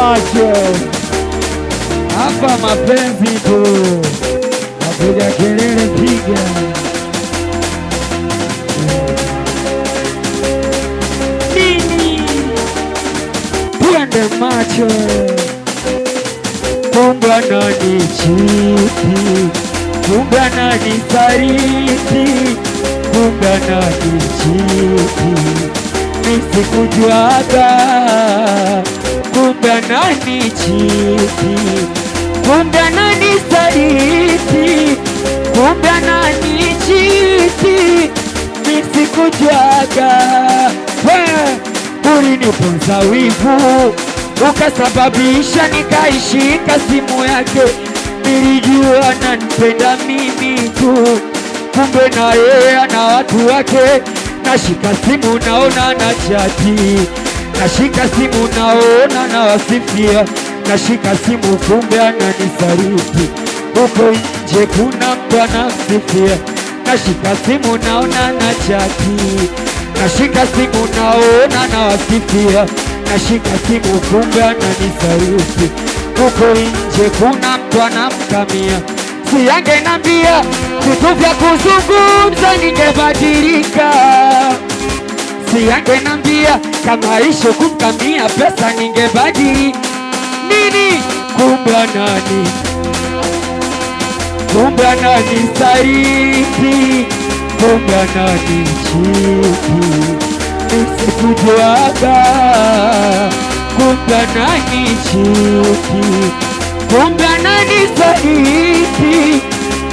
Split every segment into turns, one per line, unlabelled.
macho hapa, mapenzi tu, napiga kelele, piga nini, twende macho, kumbe ananichiti, sariti ananisaliti, kumbe ananichiti, nisikujuaga kumbe ananichiti, kumbe ananisaliti, kumbe ananichiti, misikujaga uliniponza wivu ukasababisha nikaishika simu yake, nilijua nanipenda mimi tu, kumbe na yeye ana watu wake. Nashika simu naona na chati nashika simu naona na wasifia, nashika simu kumbe ananisaliti, huko nje kuna mtu anasifia, nashika simu naona na chati, nashika simu naona na wasifia, nashika simu kumbe ananisaliti, huko nje kuna mtu anamkamia, siyangenambia vitu vya kuzungumza ningebadilika binti yake nambia, kama isho kumkamia pesa ningebaki nini? Kumbe nani, kumbe nani saidi, kumbe nani chipi nisikujuaga, kumbe nani chiki, kumbe nani saidi,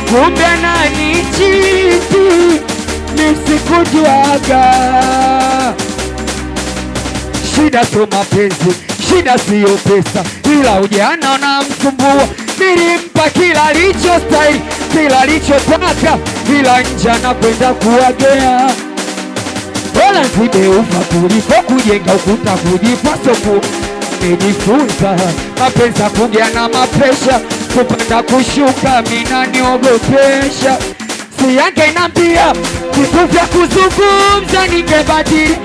kumbe nani chiki sikujuaga shida tu mapenzi, shida siyo pesa, ila ujana na msumbua. Nilimpa kila alichostahili, kila lichotaka ila nja anapenda kuwagea. Bora zimeufa kuliko kujenga ukuta kujipasa ku nijifunza mapenzi kuja na mapresha, kupanda kushuka, mina niogopesha nafsi yake na mbia kikufya kuzungumza ningebadili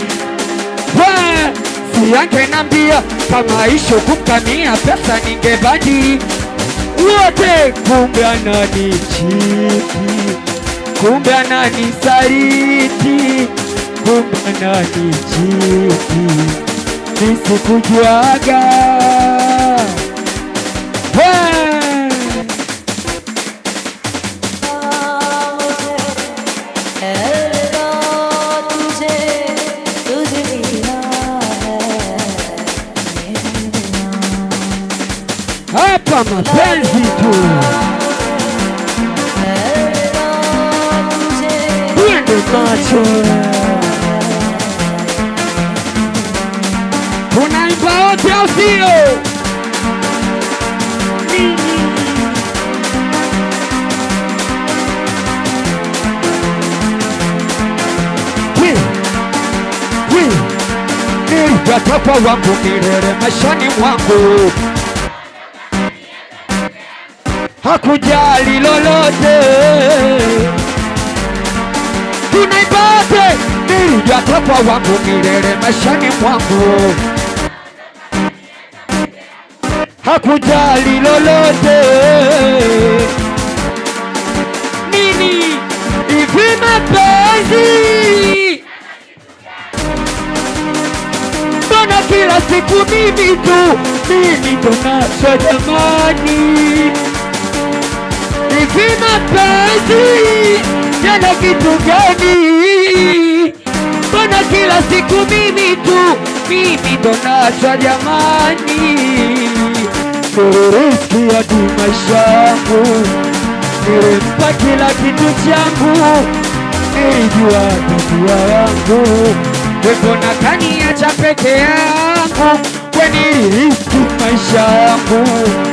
si yake na mbia kama isho kumkamia pesa ningebadili wote kumbe chiki kumbe sariti kumbe ananichiki nisikujuaga na mapenzi tu. Twende macho, tunaimba wote, au sio? Nilitatoka wangu milele mashani mwangu hakujali lolote. Tunaipate nilija topa wangu milele maishani mwangu, hakujali lolote. Nini hivi mapenzi, mbona kila siku mimi tu mimi tu jamani hivi mapenzi tena kitu gani? Mbona kila siku mimi tu mimi ndo naachwa jamani, niriski ya tu maisha yangu nilimpa kila kitu changu, nilijua tabia yangu, mbona kaniacha peke yangu, kweni riski maisha yangu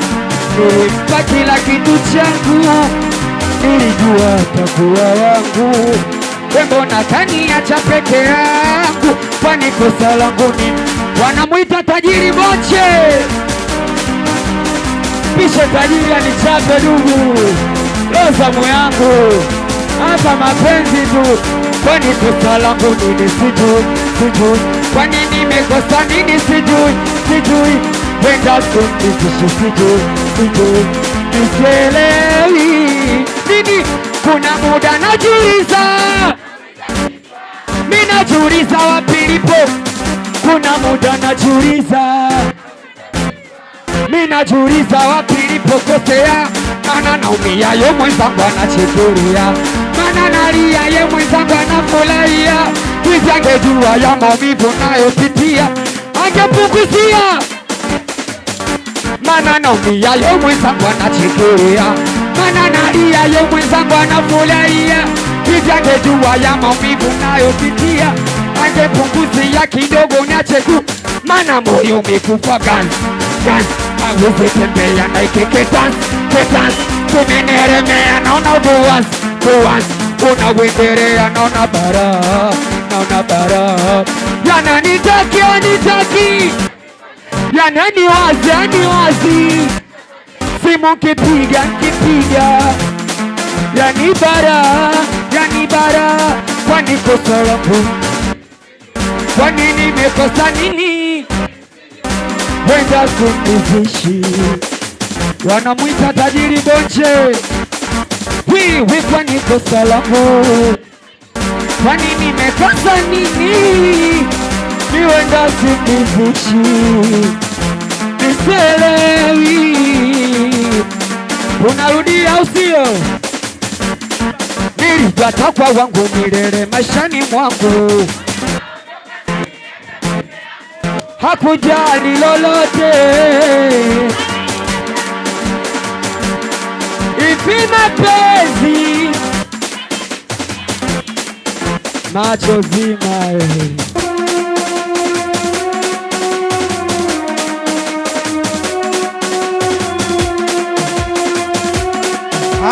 Nimempa kila kitu changu, nilijua atakuwa wangu. Mbona kaniacha peke yangu? Kwani kosa langu nini? Wanamwita tajiri Moche, pishe tajiri anichape dubu lozamu yangu hapa mapenzi tu, kwani kosa langu nini? Sijui, sijui kwani nimekosa nini? Sijui, sijui penda sundizishe, sijui mzigo sielewi nini. Kuna muda najiuliza, mimi najiuliza wapi lipo. Kuna muda najiuliza, mimi najiuliza wapi lipo kosea, maana naumia yo mwenzangu anachekelea, maana nalia ye mwenzangu anafurahia, kizangejua ya maumivu nayopitia angepunguzia maana naumia yo mwenzangu anachekelea, maana nalia yo mwenzangu anafurahia, hivi angejua ya maumivu nayopitia, angepunguzia kidogo na chegu, maana moyo umekufa ganzi ganzi, hawezi tembea naikeketanzi ketanzi, kumeneremea naona ubuwanzi buwanzi, unawendelea naona bara naona bara, yananitaki anitaki yaneni wazi, yani wazi, simu kipiga kipiga, yani bara, yani bara, kwani kosa langu, kwani nimekosa nini? Wenda kumbuzishi wanamwita tajiri Bonje, wiwi, kwani kosa langu, kwani nimekosa nini? niwe ngazi nguvu juu, nisielewi. Unarudia usio nilijua takwa wangu milele maishani mwangu, hakujali lolote ivi mapenzi machozi mae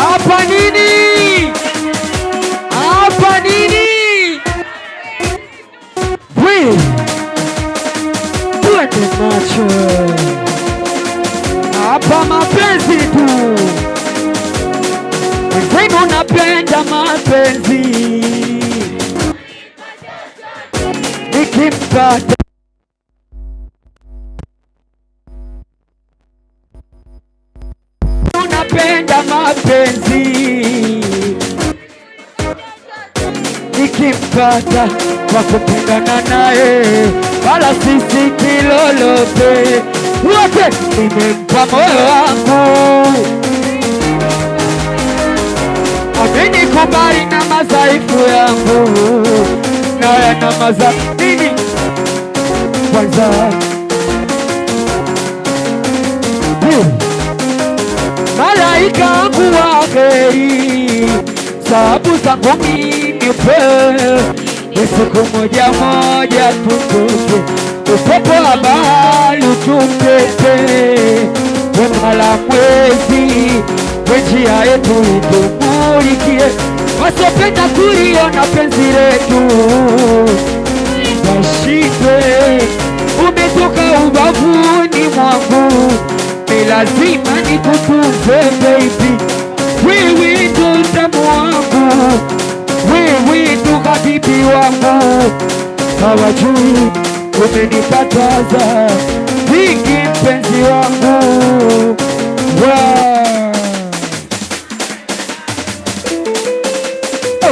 A ah, Panini! mapenzi ikimkata kwa kupendana naye, wala sisiki lolote. Wote nimempa moyo wangu, kubali na madhaifu yangu naya na madhaifu nini kwanza malaika kuwa kheri, sababu zangu mimi ni siku moja moja tutoke, upepo wa bahari ututete, jua la mwezi kwa njia yetu itumulikie, wasiopenda kuliona penzi letu washindwe, umetoka ubavuni mwangu lazima nikutunze baby, wewe ndo utamu wangu, wewe ndo habibi wangu, hawajui umenikataza hiki mpenzi wangu wow.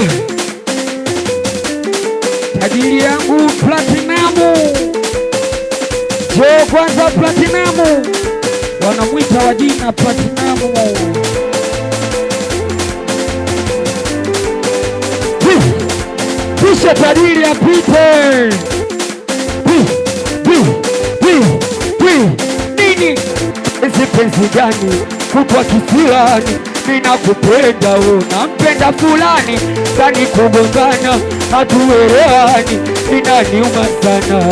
Eh. Tajiri yangu Platinamu, jo kwanza Platinamu wanamwita wajina jina Platinum. Pishe tajiri apite nini, hizi penzi gani kutwa kisilani ninakupenda unampenda fulani sani kugongana nina inaniuma sana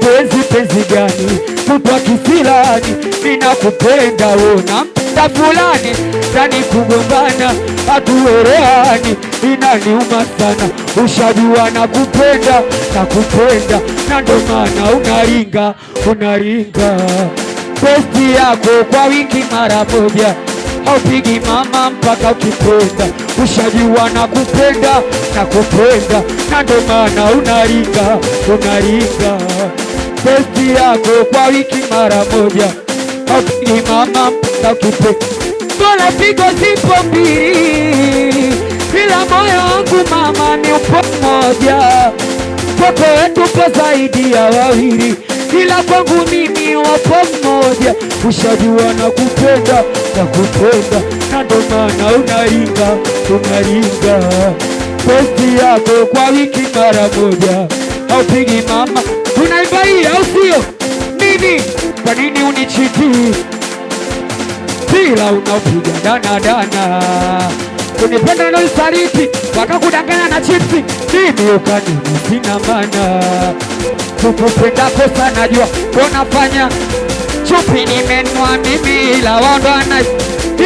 penzi penzi gani kutwa kifilani, ninakupenda ona mta fulani tani kugombana hatuwerehani, inaniuma sana ushajua na kupenda na kupenda na ndo maana unaringa unaringa besti yako kwa wingi mara moja haupigi mama mpaka ukipenda ushajua na kupenda na kupenda na ndo maana unaringa unaringa mapenzi yako kwa wiki mara moja. Ni mama takupe mbona pigo zipo mbili, ila moyo wangu mama ni upo moja Kwako wetu po zaidi ya wawili, ila kwangu mimi wapo moja. Ushajua na kupenda na kupenda, na ndo maana unaringa unainga yako kwa wiki mara moja haupigi mama, hii au sio? nini kwa nini unichiti kila unaopiga dana dana, kunipenda na usaliti, wakakudanganya na chipsi, mimi ukanini sina maana, tukupendako sana jua konafanya chupi nimenwa mimi, ila wao ndo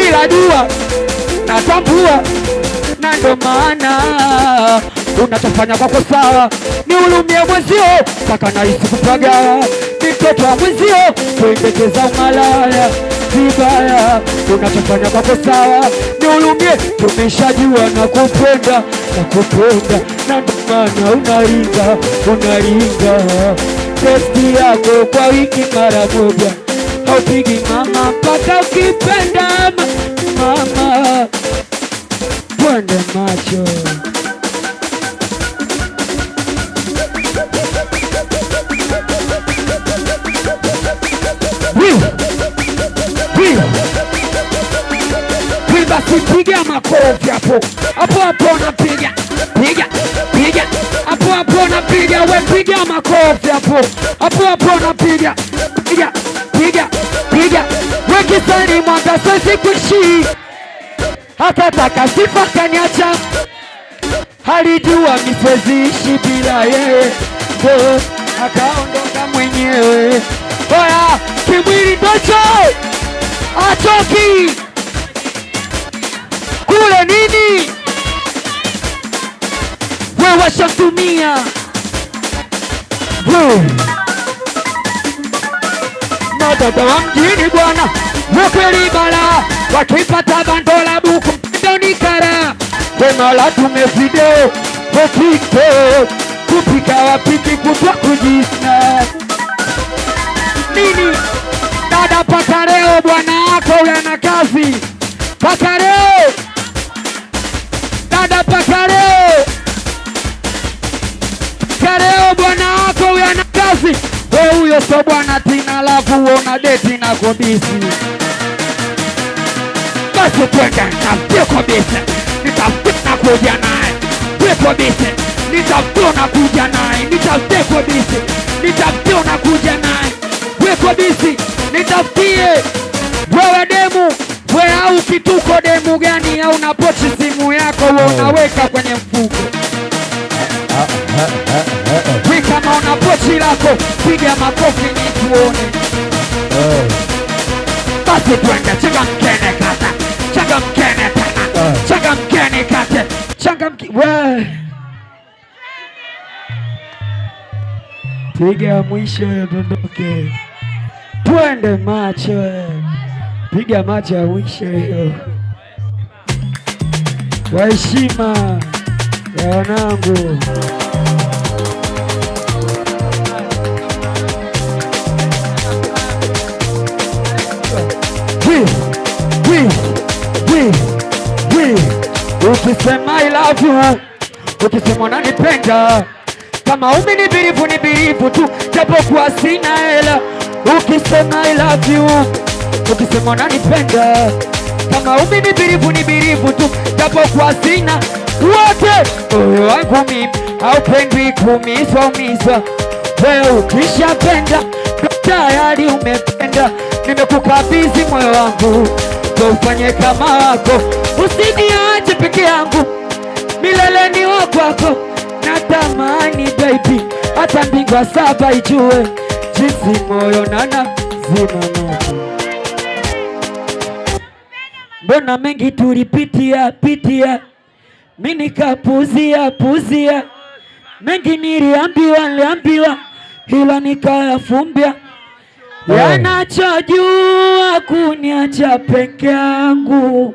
ila jua natambua na ndo maana unachofanya kwako sawa, ni ulumie mwenzio mpaka nahisi kupaga, ni mtoto wa mwenzio kuendekeza umalaya vibaya. Unachofanya kwako sawa, ni ulumie, tumeshajua na kupenda na kupenda, na ndo maana unaringa unaringa testi yako kwa wiki mara moja, haupigi mama mpaka ukipenda mama upande macho basi piga makofi hapo hapo hapo, unapiga piga piga hapo hapo, unapiga we, piga makofi hapo hapo hapo, unapiga piga piga piga, we kisani mwanga sisi kuishi hakataka sifa kaniacha, halijua ishi bila yeye, ndo akaondoka mwenyewe. Oya kimwili ndocho atoki kule nini, we washamtumia we madada wa mjini bwana mukwilibala watwipataga ndolabu kupindonikara kwemala tume video kwepike kupika wapiki kutwa kujisna nini dada paka leo bwana wako ule kazi paka leo dada paka leo paka bwana wako uyana kazi we huyo so bwana tina lavu wona deti na kobisi nitakutega, nitampiga kabisa, nitampiga kuja naye kabisa, nitampiga na kuja naye, nitampiga kabisa, nitampiga na kuja naye we kabisa, nitamtie wewe demu wewe, au kituko demu gani? Au na pochi simu yako wewe unaweka kwenye mfuko we, kama una pochi lako piga makofi nituone. Basi twende cheka mkene kata Bwana. Piga mwisho yodondoke, twende macho, piga macho ya mwisho hiyo kwa ya wanangu. Ukisema I love you, ukisema nanipenda, kama ni nibirifu tu, japokuwa sina hela. Ukisema I love you, ukisema nanipenda, kama umi ni ni nibirifu tu, japokuwa sina wote. Moyo wangu mimi haupendi kuumizwa umizwa, wewe ukishapenda tayari umependa. Nimekukabidhi moyo wangu, ufanye kama wako usidia peke yangu, milele ni wa kwako. Natamani baby, hata mbingwa saba ijue jinsi moyo nana zimama. Mbona mengi tulipitia pitia, mi nikapuzia puzia, mengi niliambiwa niliambiwa, hila nikayafumbia yanachojua kuniacha peke yangu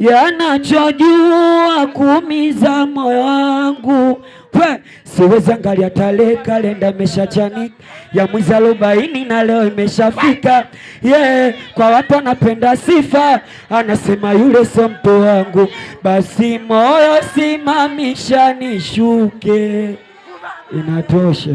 yanachojua kuumiza moyo wangu we ngali ataleka lenda kalenda imeshachanika ya mwezi arobaini na leo imeshafika. Yeah, kwa watu anapenda sifa, anasema yule sio mtu wangu, basi moyo simamisha nishuke, inatosha.